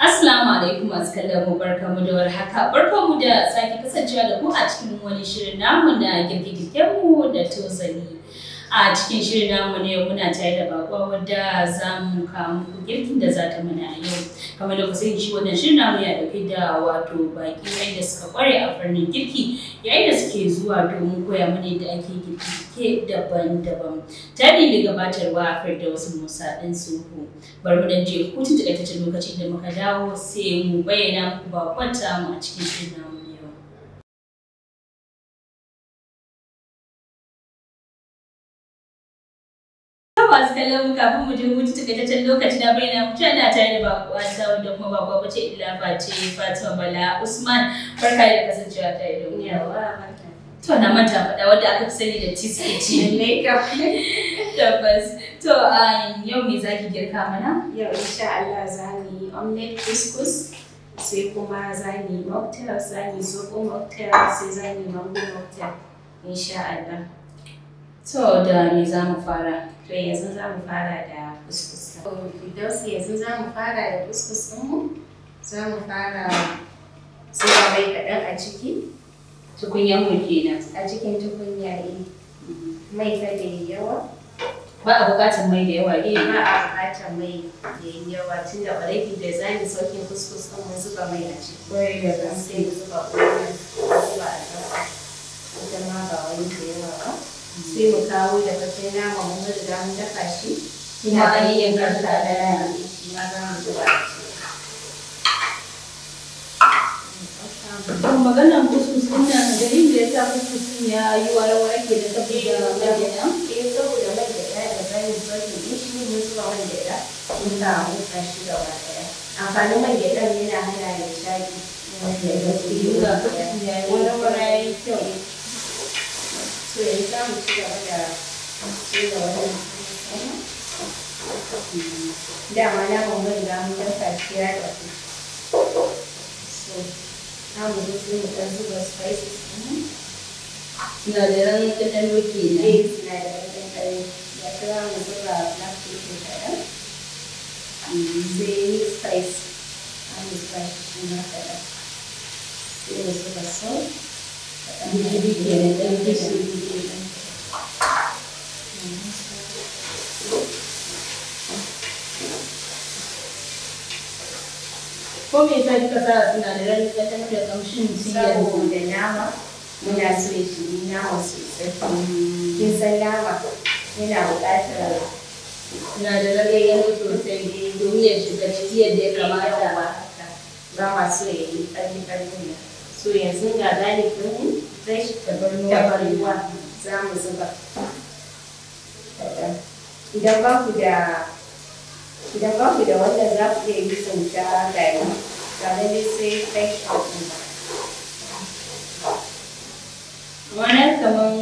Assalamu alaikum masu kallon mu barka mu da warhaka barka mu da sake kasancewa da ku a cikin wani shirin namu na girgirgen mu da tosani. A cikin shirin namu ne muna tare da bakwa wadda za mu kawo muku girkin da za ta mana yau. Kamar da kusan shi wannan shirin namu ya dauke da wato baki da suka kware a farnin girki yayin suke zuwa domin koya mana yadda ake girke daban-daban. Tare da gabatarwa a wasu Musa ɗin Suhu. Bar mu ɗan je hutun takaitaccen lokacin da muka dawo sai mu bayyana ba kwanta mu a cikin shirin namu. masu kallon mu kafin mu je hutu takaitaccen lokaci na bayyana mu tana tare da bakuwa ta wanda kuma bakuwa bace illa face Fatima Bala Usman farka da kasancewa tare da to na manta faɗa wadda aka fi sani da cheesecake ne tabbas to yau me zaki girka mana yau insha Allah za mu yi omelette couscous sai kuma za mu yi mocktail za mu yi zobo mocktail sai za mu yi mango mocktail insha Allah to da me za mu fara to yanzu za mu fara da couscous sai yanzu za mu fara da couscous mu za mu fara sai bai kaɗan a ciki tukunyan mu kenan a cikin tukunya eh mai kada yawa ba a bukatar mai da yawa eh ba a bukatar mai da yawa tunda already da zamu saukin kuskus din mun zuba mai a ciki kwarai da gaske sai mu zuba kwarai zuba ita ma ba wani da yawa ba sai mu kawo da kafin nama mun riga mun dafa shi kuma an yi yankan da da shi ma maganan kuskus din nan da yin da ya sa kuskus ya yi warawa ke da saboda magana eh saboda magana da bayan sauki din shi ne zuwa da in ba a huta shi da wata amfanin magana yana hana ya shaƙi wani wara ya yi kyau so ya samu ci gaba da ci gaba da dama na bambam da mun da shi ya da so Obviously, because of the spices. No, you. no, they don't get them with you. That's why i spice. I'm the spice. I'm not there. I'm mm-hmm. not there. I'm ko me yasa kika sa suna da ta tafi da kamshin siyar da nama muna so ya shi nama sosai kin san nama yana buƙatar na da rage sosai domin ya shiga ciki yadda ya kamata ba ma so ya yi ƙarfi ƙarfi so yanzu ga gani ɗin fresh tabarnuwa za mu zuba idan ba ku da idan ba ku da wannan za ku iya yi tsinta gari tare da sai fresh alfuma wannan kamar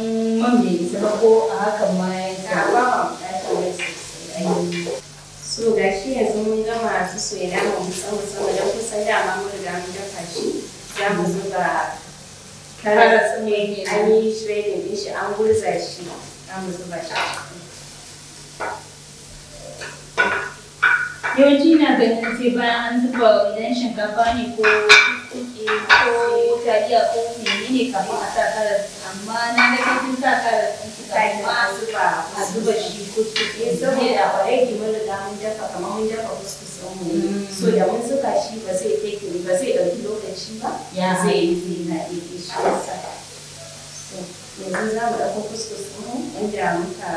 man bai isa ba ko a hakan ma ya sa ba ma bukatar mai sosai so ga shi yanzu mun gama su soya naman musamman musamman don kusan dama mun riga mun dafa shi za mu zuba karas ne an yi shredding din shi an gurza shi za mu zuba shi a ciki Yawanci na ganin sai bayan an zuba wannan shinkafa ne ko ko taliya ko menene kafin a sa karas amma na ga kin sa karas din suka kuma a zuba a zuba shi kuskus ne eh, saboda already mun riga mun dafa kamar mun dafa kuskus din mu mm. so da mun zuka shi ba zai take ba zai dauki lokaci ba zai yi zai na dake shi sa. So yanzu za mu ɗauko kuskus ɗin inda muka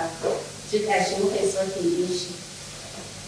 jika shi muka yi sauke shi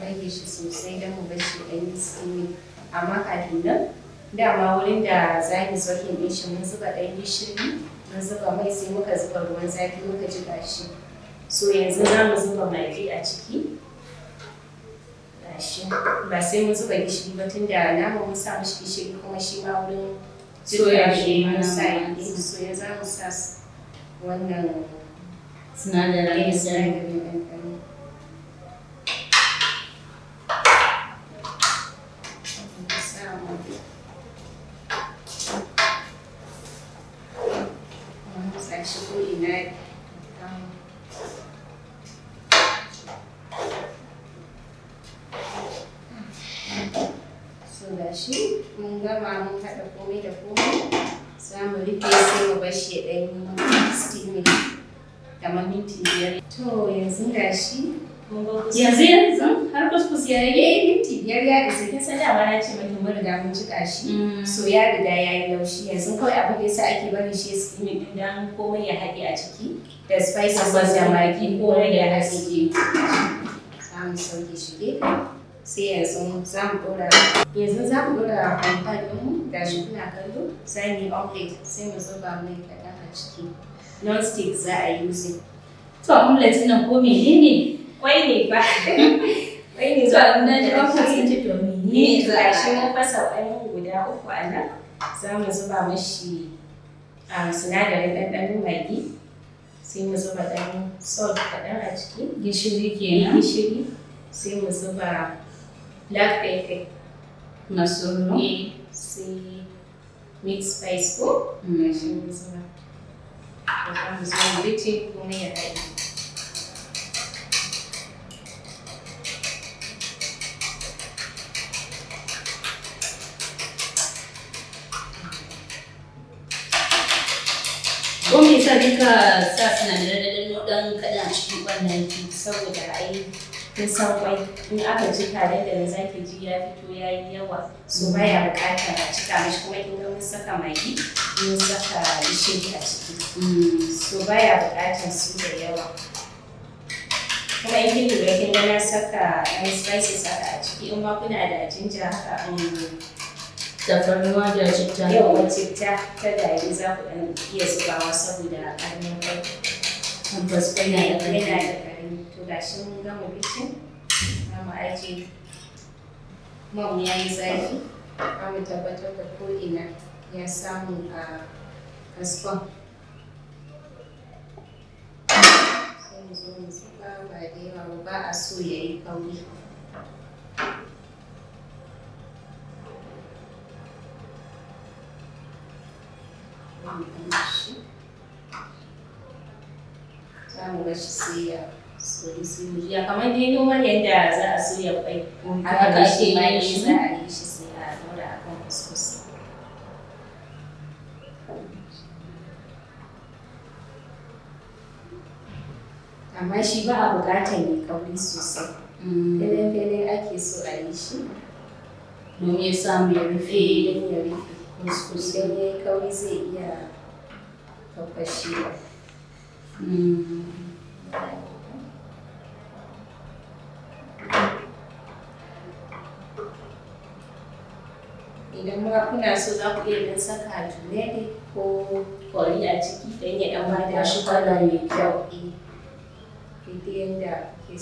rage shi sosai don mu bar shi ɗan yi amma kafin nan dama wurin da za mu sokin ɗin shi mun zuba ɗan gishiri mun zuba mai sai muka zuba ruwan zafi muka ji shi so yanzu za mu zuba magi a ciki gashi ba sai mun zuba gishiri ba tun da nama mun sa mishi gishiri kuma shi ma wurin soya shi mun sa yanzu so yanzu za mu sa wannan eh, sinadarin ɗan ciki da spices da magi ko rage haske za mu sauke shi gefe sai yanzu za mu dora yanzu za mu dora kwamfan mu ga shi kuna kallo sai mu yi sai mu zuba mai kaɗan a ciki non stick za a yi musu to omelette nan ko ne kwai ne ba kwai ne za to na ji sun ce to menene za a shi mun fasa kwai guda uku a nan za mu zuba mashi um, sinadarin ɗanɗano magi sai mu zuba ɗan salt kaɗan a ciki gishiri kenan gishiri sai mu zuba black pepper masoro eh, sai meat spice ko mm. sai mu zuba ko kuma mu zuba komai ya daɗe Ko me yasa kika sa suna da dan kaɗan a cikin ƙwallon saboda ai kin san kwai in aka jika da da zaki ji ya fito yayi yawa so baya buƙatar a cika mishi kuma kin ga mun saka magi mun saka gishiri a ciki mm. so baya buƙatar su da yawa kuma in kin lura kin ga na saka ɗan spices haka a ciki in ma kuna da jinja haka um, tafarnuwa da citta yawan citta ta gari za ku ɗan iya zubawa saboda ƙarnin kwai tabbas kwai yana da to mun gama bikin za mu aje mam ya yi zafi za mu tabbatar da ko'ina ya samu a kaskon sai mu zo mu zuba ba da yawa ba a so ya yi kauri shi soya soya soya kamar dai noman yadda za a soya kwai haka ake yi shi za a yi shi sai a daura a kan kuskus amma shi ba a bukatar mai kauri sosai mm. fere-fere ake so a yi shi domin ya samu ya rufe eh, don ya rufe kuskus ya yi kauri zai iya kafashe ba mm. kuma kuna so za ku iya dan saka turmeric ko kori a ciki don ya dan bada shi kwana mai kyau daidai yadda ke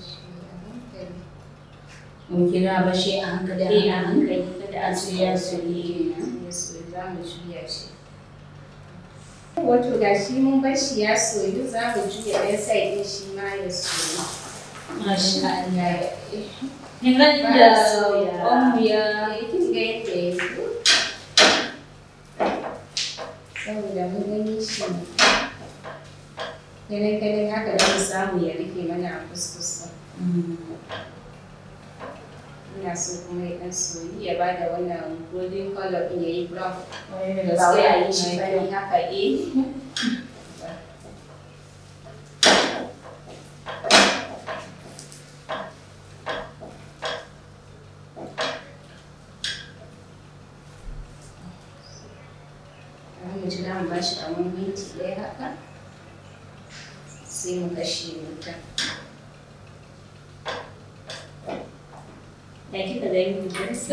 so mun kira bashi a hankali eh, a hankali kada a soya soyayya mu juya shi wato da mun bar shi ya soyu zamu juya ɗan sai shi ma ya soyu ya ya so gani shi ganin ya mana ina so kuma ya dan soyi ya ba da wannan golden color din yayi brown da za yi shi fari haka eh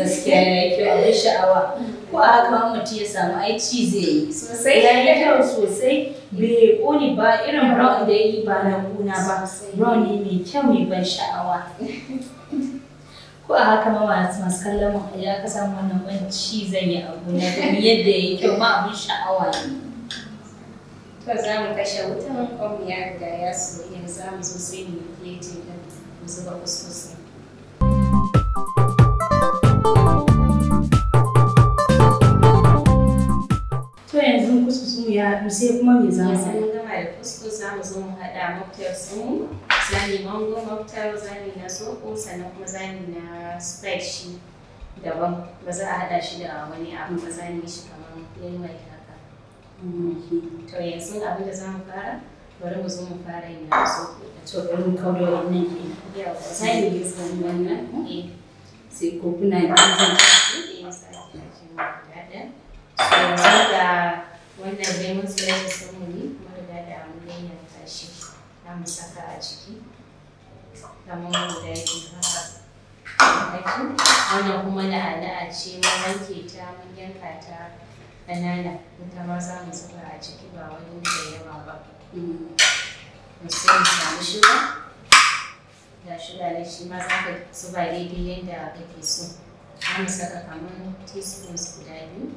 gaskiya ya yi kyau abin sha'awa ko a haka mutum ya samu aici zai yi sosai ya yi kyau sosai bai koli ba irin brown da ya yi ba na kuna ba brown ne mai kyau mai ban sha'awa ko a haka ma masu masu kallon mu ya ka samu wannan banci zan yi abu na domin yadda ya yi kyau ma abin sha'awa ne to za mu kashe wutan kwan ya riga ya so yanzu za mu zo sai mu yi plate mu zuba kuskusin ya sai kuma me za mu yi? sanin gama da kuskus za mu zo mu haɗa mafitar sun zani mango mafitar zani na soko sannan kuma zani na spread shi daban ba za a haɗa shi da wani abu ba zani shi kamar yayi haka. To yanzu abin da za mu fara? bari mu zo mu fara yin so to bari mu kawo wannan ne sai ne san wannan ne sai ko kuna yin zan ne sai da da wannan dai mun tsaye da samu ne kuma da dada mun ya shi na mu saka a ciki kamar guda biyu haka wannan kuma ala'a ce mun wanke ta mun yanka ta ƙanana ita ma za mu saka a ciki ba wani da yawa ba hmm. sai mu samu shuga ga da ne shi ma za ka zuba daidai yadda kake so za mu saka kamar teaspoons guda biyu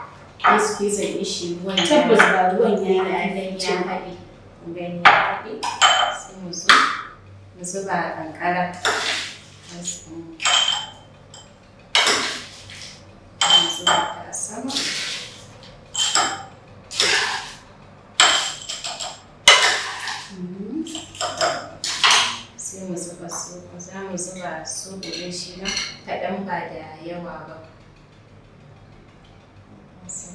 kes kesan ishi ruwan tabbas ba ruwan ya haɗe ya haɗe gani ya haɗe sai mu zo mu zuba kankara mu zuba ta sama sai mu zuba so za mu zuba so ɗin shi na kaɗan ba da yawa ba wasu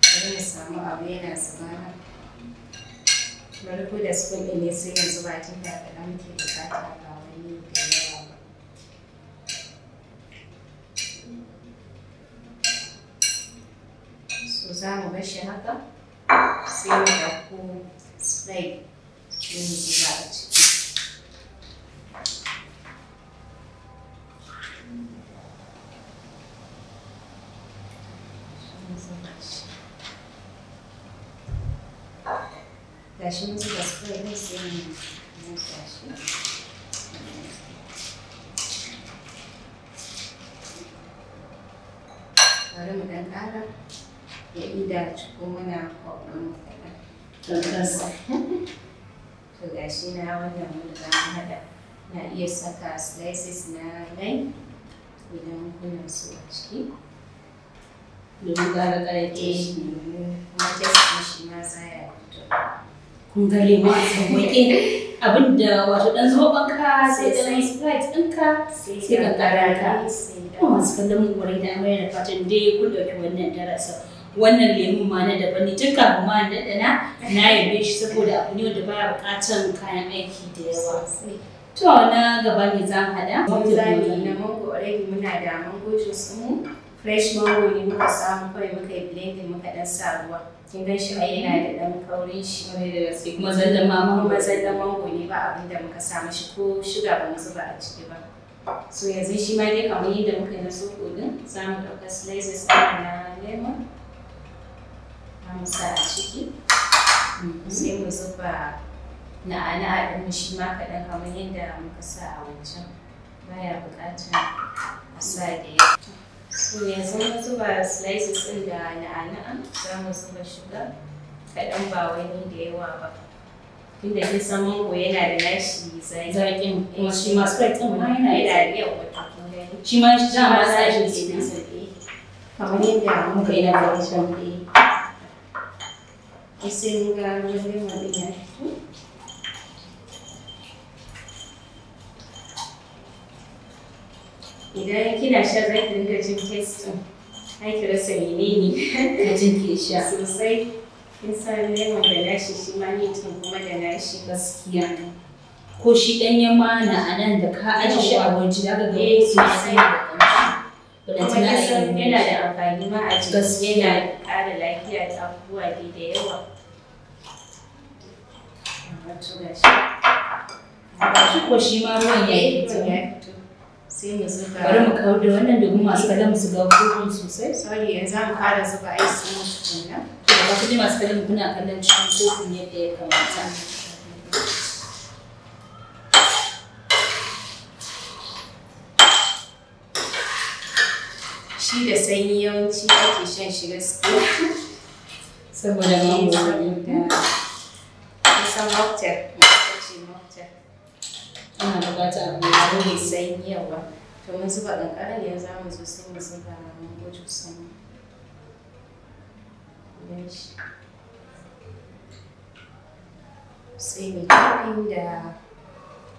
bari ya samu abu yana zuba bari ko da spoon ne sai yanzu ba tun da kaɗan muke bukata ba wani da yawa ba so za mu bashi haka sai mu ɗauko spray ɗin zuba a ciki gashi mun zuba su kawai ne sai mu gashi bari mu dan ya ida ciko mana kwakwalwa kaɗan to gashi na wannan mun ga haɗa na iya saka slices na lime idan kuna so a ciki domin ƙara ya fito kun ma lema a sauƙaƙe abin da wato ɗan zoɓonka sai da ɗan sprite ɗinka sai ka ƙara ka kuma masu kallon mu da amarya da fatan dai kun ɗauki wannan darasin wannan lemun ma na daban ne tun kafin ma na ɗana na yabe shi saboda abu ne wanda baya buƙatar kayan aiki da yawa to na gaba ne za mu haɗa. Mun zami na mango already muna da mango juice mu. fresh mango ne muka samu kawai muka yi blending muka dan sa ruwa kin gan shi yana da dan kaurin shi kuma zallan mango kuma zallan mango ne ba abin da muka samu shi, ko sugar ba musu ba a ciki ba so yanzu shi ma dai kamar yadda muka yi na soko din za mu ɗauka slices ɗin na lemon mu sa a ciki mhm. sai mu zuba ana haɗin mu shi ma kaɗan kamar yadda muka sa a wancan baya buƙatar a sa da yawa so yanzu na zuba slices ɗin da na'ana'an za mu zuba shiga kaɗan ba wani da yawa ba tunda kin san mango yana da nashi zaƙin eh, kuma shi ma spread ɗin ma yana da yawa shi ma za ma sa shi ke nasa kamar yadda muka yi na wancan ɗaya eh. sai mun ga wajen yawa ya fito idan kina shan za ki dinga jin testin ai ki rasa menene ka jin ki sha sosai kin san lemon da nashi shi ma mitin kuma da nashi gaskiya ko shi ɗanyen mana a nan da ka aji shi a waje eh, da ga gaba sosai kuma kisan yana da amfani ma a jiki yana ƙara lafiya ta abubuwa da yawa wato gashi shi ko shi ma ruwan ya sai mu zuba bari mu kawo da wannan domin masu kalam su ga gurbin sosai sorry yanzu eh, an fara zuba ice cream kuma ba ku masu kallon kuna kallon cikin kofin yadda ya kamata shi da sanyi yawanci ake shan shi gaskiya saboda mangoro da kusan cocktail suna buƙatar abu yaro mai sanyi yawa to mun zuba ƙanƙara ne za mu zo sai mu zuba mango juice ne sai mu topping da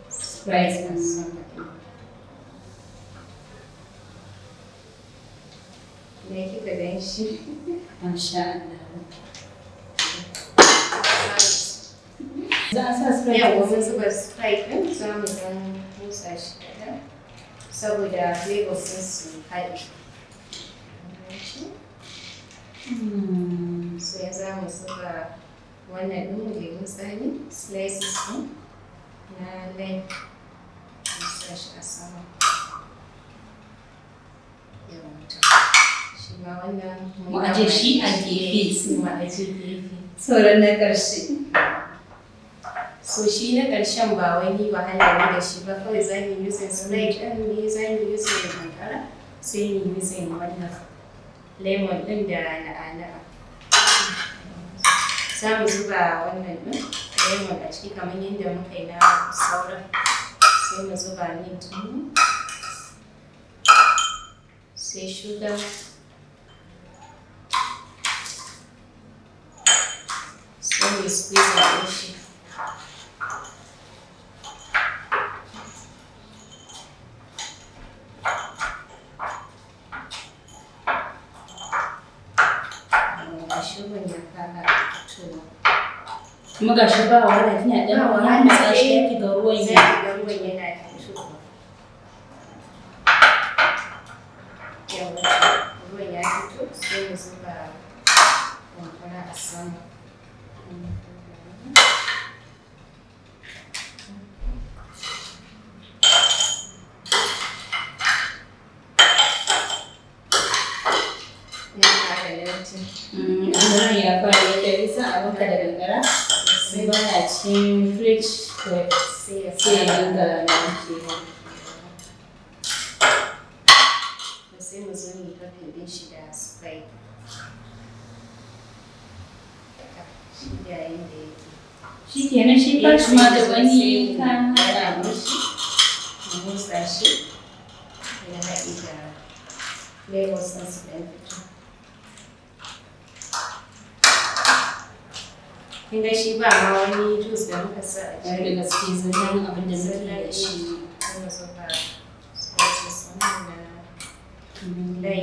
sprite na and something Ne kika gan shi? Masha Allah. za a sa sprite yawa mun zuba sprite din za mu dan motsa shi saboda flavor sun su haɗe hmm. na lime a so shi na ƙarshen ba wai ni ba ne da shi ba kawai za mu yi using slide ɗin ne za ni yi using kankara sai ni yi using wannan lemon ɗin da naa za mu zuba wannan ɗin lemon a ciki kamar yadda muka yi na sauran sai mu zuba mint ɗin sai sugar sai mu squeeze ɗin shi kuma ga shi ba wahala kina dan ya matsa shi yake ga ruwan ruwan ruwan ya sai mu zuba a sama mm, ya fara abinka da gangara sai baya cikin fridge sai ya dinga narkewa to sai mu zo mu tafin din shi da spray shi ya fito kin ga shi ba ma wani juice da muka sa a cikin gaske zallan abin da muke da shi kuma so ka sauce sanin da lai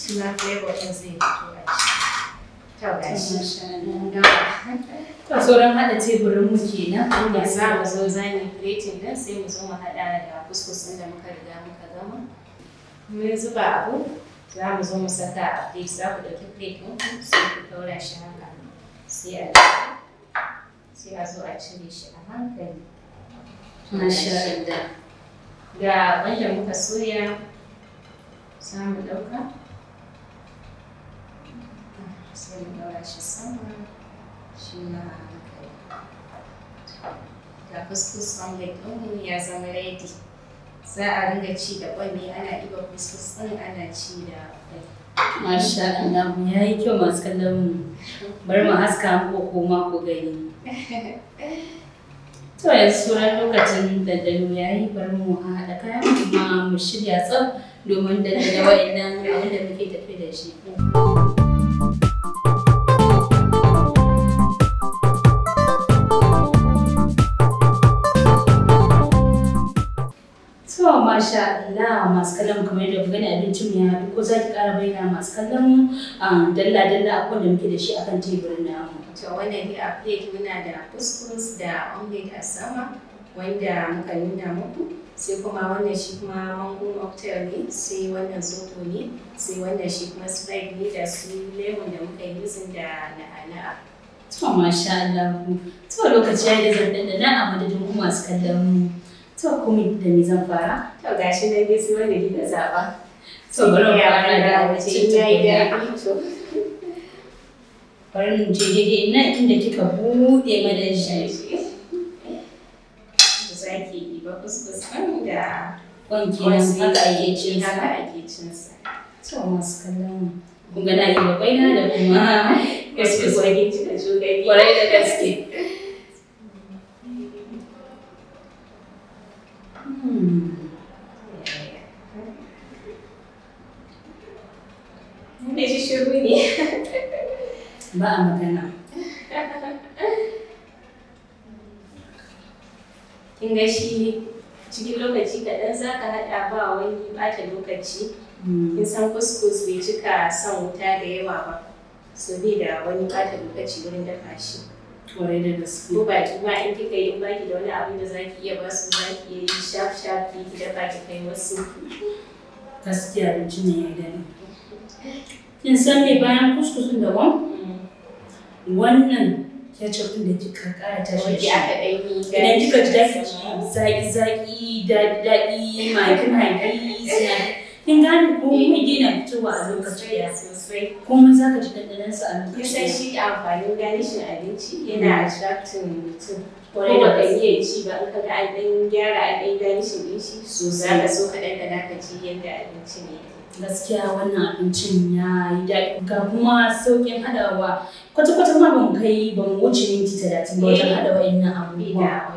shi ma flavor din zai fito a ciki to sauran haɗa teburin mu kenan inda za mu zo zani plating din sai mu zo mu haɗa da kuskus da muka riga muka gama mun zuba abu za mu zo mu saka a plate za ku ɗauki plate ɗin sai ku ɗaura shi haka sai a zo a cire shi a hankali mashallah ga wanda muka soya samu ɗauka sai mu ɗaura shi sama shi ma a hankali ga kuskus omelet ɗinmu ya zama ready za a ringa ci da ƙwai ana ɗiba kuskus ɗin ana ci da Masha Allah ya yi kyau masu kallon mu. Bari mu haska ko koma ku gani. To yanzu sauran lokacin dandano ya yi bari mu haɗa kaya kuma mu shirya tsaf domin dandano waɗannan abin da muke tafi da shi. bayyana wa masu kallon kamar yadda ku gani abincin ya haɗu ko za ki ƙara bayyana masu kallon ah, dalla-dalla abubuwan da muke da shi akan teburin namu. To wannan dai a plate muna da couscous da omelette a sama wanda muka nuna muku sai kuma wannan shi kuma mango mocktail ne sai wannan zoto ne sai wannan shi kuma sprite ne da su lemon da muka yi da naa To masha Allah. To lokaci ya da zan ɗanɗana a madadin masu kallon mu. to kuma da me zan fara to gashi nan dai sai wanda kika zaba to bari ya fara da wace in yayi da to bari mu je daidai ina inda kika bude madan shi zaki yi ba kuskus da wanki nan haka ake cin sa haka ake cin sa to masu kallon kun ga na yi babai na da kuma kuskus ake cin da shugabi kwarai da gaske Hmm. Ne shi ne. Ba magana. Kin ga shi cikin lokaci kaɗan za ka haɗa ba wani bata lokaci. Hmm. Kin san kuskus bai cika son wuta da yawa ba. So da wani bata lokaci wurin dafa shi. kwarai da gaske ko ba ki in kika yi baki da wani abin da zaki iya basu su zaki iya yi shaf shaf ki ki dafa ki kai wasu gaskiya abinci ne ya dare kin san me bayan kuskusun da wan wannan ketchup din da kika kara ta shi idan kika ji zaki zaki daɗi daɗi mai kin hanki kin gane ko eh, Mun gina fitowa a lokacin ya sosai kuma za ka ji dandanan su a lokaci ya shi amfanin ganishin abinci mm. yana attracting mutum kwarai da kan iya ci ba in ka ga an dan gyara an dan ganishin din shi sosai ka so ka dandana ka ci yadda abinci ne gaskiya wannan abincin ya yi daɗi ga kuma sauƙin haɗawa kwata-kwata ma ban kai ban wuce minti talatin ba wajen eh, haɗa wa'annan abubuwa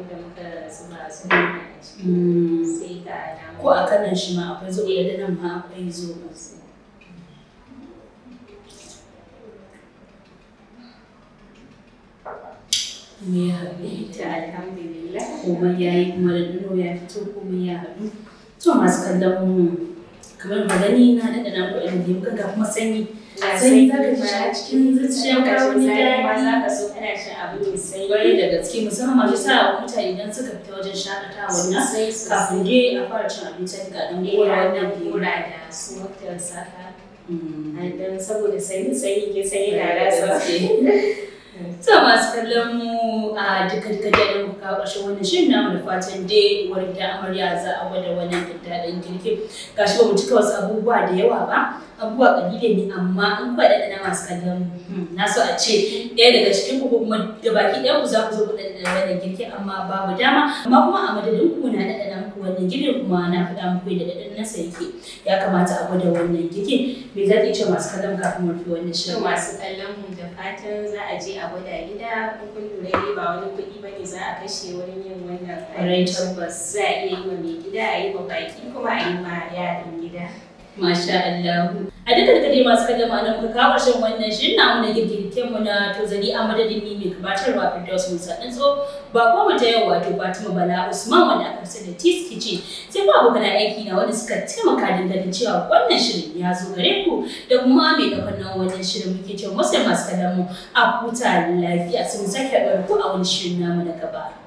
abin da muka zuba su a ciki hmm. sai ga ko a kanan shi ma akwai zo da nan ma akwai zo ya haɗu ta alhamdulillah komai ya yi kuma da dano ya fito komai ya haɗu to masu kallon mu kamar magani na da na kuɗin da muka ga kuma sanyi sai cikin zuciyarka wani daɗi ka so da gaske musamman masu sa mutane idan suka fita wajen shakatawa na kafin dai a fara cin wannan da su saka mm. dan saboda sanyi sanyi ke kallon mu a duka duka da mu kawo ƙarshen wannan shirin da fatan dai uwar gida amarya za a gwada wannan daddaɗin girkin gashi ba mu cika wasu abubuwa da yawa ba abubuwa kalile ne amma in kuwa ɗanɗana masu kallon hmm, na so a ce ɗaya daga cikin ku kuma da baki ɗaya ku za ku zo ku ɗanɗana wannan girki amma babu dama amma kuma a madadin ku na ɗanɗana muku wannan girkin kuma na fada muku da na sa yake ya kamata a gwada wannan girki me za ki ce masu kallon kafin mu rufe wannan shirin. masu kallon mu da fatan za a je a gwada gida kun lura dai ba wani kuɗi ba ne za a kashe wurin yin wannan. Ƙwarai tabbas. Za a iya yi wa mai gida a yi ba baki kuma a yi ma yaran gida. Masha Allah. A duka da dai masu kallon ma'anar ku kawo ƙarshen wannan shirin na wani girgirken mu na tozali a madadin ni mai gabatarwa Firdaus Musa Dantso ba ko mu ta yau wato Fatima Bala Usman wanda aka fi da Tis Kitchen sai ko abokan aiki na wanda suka taimaka don ganin cewa wannan shirin ya zo gare ku da kuma mai gaban nan wannan shirin muke cewa masu masu kallon mu a huta lafiya sun sake ɗauko a wani shirin namu na gaba.